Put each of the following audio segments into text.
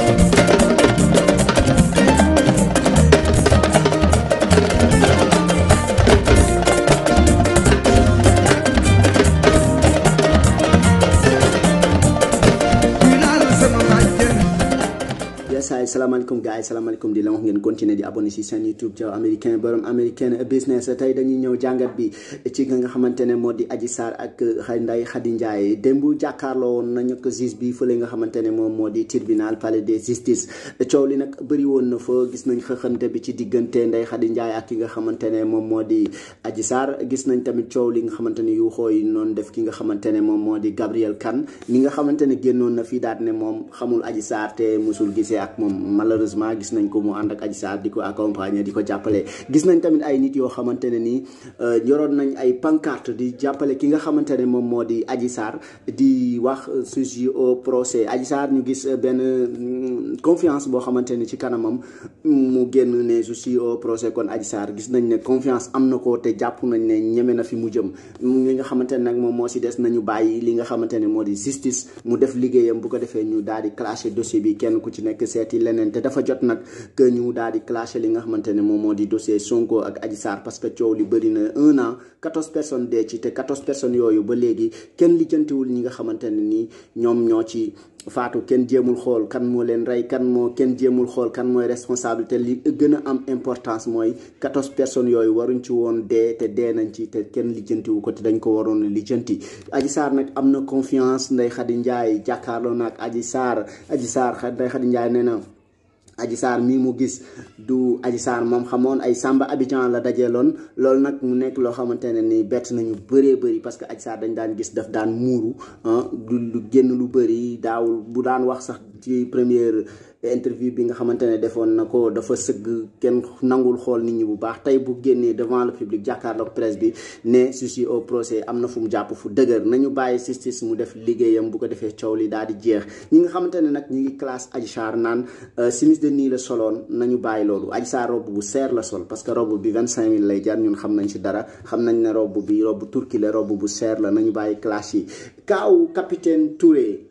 Thank you. saay salaamaaleykum gars yi salaamaaleykum di la wax ngeen continuer di abonné si seen youtube Diaw américain borom américain business tey dañuy ñëw jàngat bi ci nga xamante ne moo di Adji Sarr ak Ndeye Khady Ndiaye démb jàkkaarloo woon nañu ko juge bi fële nga xamante ne moom moo di tribunal palais de justice coow li nag bëri woon na fa gis nañ xëxante bi ci diggante Ndeye Khady Ndiaye ak ki nga xamante ne moom moo di Adji Sarr gis nañ tamit coow li nga xamante ne yu xooy noonu def ki nga xamante ne moom moo di Gabriel kan li nga xamante ne génnoon na fii daat ne moom xamul Adji Sarr te musul gisee moom malheureusement gis nañ ko moo ànd ak Adji di ko accompagner di ko jàppale gis nañ tamit ay nit yoo xamante ne nii euh, yoroon nañ ay pancarte di jàppale ki nga xamante ne moom moo di Adji di wax sujet au procès Adji Sarr ñu gis euh, benn mm, confiance boo xamante ne ci kanamam mu génn ne je suis au procès kon Adji Sarr gis nañ ne confiance am na ko te jàpp nañ ne ñeme na fi mu jëm ñi nga xamante ne nag moom moo si des nañu bàyyi li nga xamante ne moo di justice mu def liggéeyam bu ko defee ñu daal di clasher dossier bi kenn ku ci nekk seet seeti leneen te dafa jot nag que ñu daal di clasher li nga xamante ne moom moo di dossier Sonko ak Adji Sarr parce que coow li bëri na un an quatorze personnes dee ci te quatorze personnes yooyu ba léegi kenn lijjantiwul ñi nga xamante ne ni ñoom ñoo ci faatu kenn jéemul xool kan moo leen rey kan moo kenn jéemul xool kan mooy responsabilité li gën a am importance mooy quatorze personnes yooyu waruñ ci woon dee te dee nañ ci te kenn lijjantiwu ko te dañ ko waroon lijjanti Adji saar nag am na confiance Ndeye Khady Ndiaye jàkkaarloo nag Adji Sarr Adji Sarr Ndeye Khady Ndiaye nee na Adji Sarr mii mu gis du Adji Sarr moom xamoon ay Samba Abidjan la dajeeloon loolu nag mu nekk loo xamante ne nii bett nañu bëree bëri parce que Adji Sarr dañ daan gis daf daan muuru ah, du génn lu bëri daawul bu daan wax sax ci première interview bi nga xamante ne defoon na ko dafa sëgg kenn nangul xool nit ñi bu baax tey bu génnee devant le public jàkkaarloog presse bi ne susi au procès am na fu mu jàpp fu dëgër nañu bàyyi justice mu def liggéeyam bu ko defee coow li daal di jeex ñi nga xamante ne nag ñi ngi classe Adji Sarr naan euh, simis de nii la soloon nañu bàyyi loolu Adji Sarr robe bu seer la sol parce que robe bi vingt cinq mille lay jar ñun xam nañ si dara xam nañ ne robe bi robe turki la robe bu seer la nañu bàyyi classe yi kaaw capitaine Touré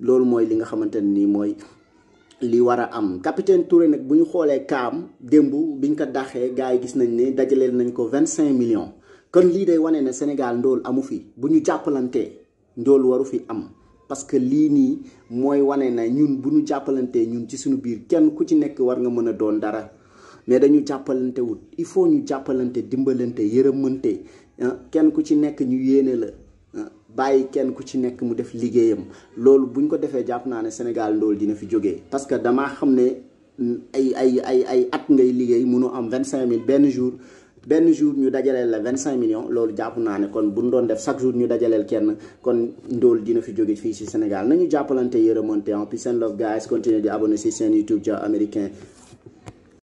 loolu mooy li nga xamante nii mooy li war a am capitaine Touré nag bu ñu xoolee kaam démb biñ ko daxee gars yi gis nañ ne dajaleel nañ ko vingt cinq millions kon lii day wane na Sénégal ndóol amu fi bu ñu jàppalantee ndóol waru fi am parce que lii nii mooy wane na ñun bu ñu jàppalantee ñun ci suñu biir kenn ku ci nekk war nga mën a doon dara mais dañu jàppalante il faut ñu jàppalante dimbalante yërëmante ah, kenn ku ci nekk ñu yéene la bàyyi kenn ku ci nekk mu def liggéeyam loolu buñ ko defee jàpp naa ne Sénégal ndool dina fi jógee parce que dama xam ne ay ay ay ay at ngay liggéey mënu am vingt mille benn jour benn jour ñu dajaleel la 25 millions loolu jàpp naa ne kon bu doon def chaque jour ñu dajaleel kenn kon ndóol dina fi jóge fii ci Sénégal nañu jàppalante yërëmante en peace and love guys continue di abonné ci seen YouTube ja américain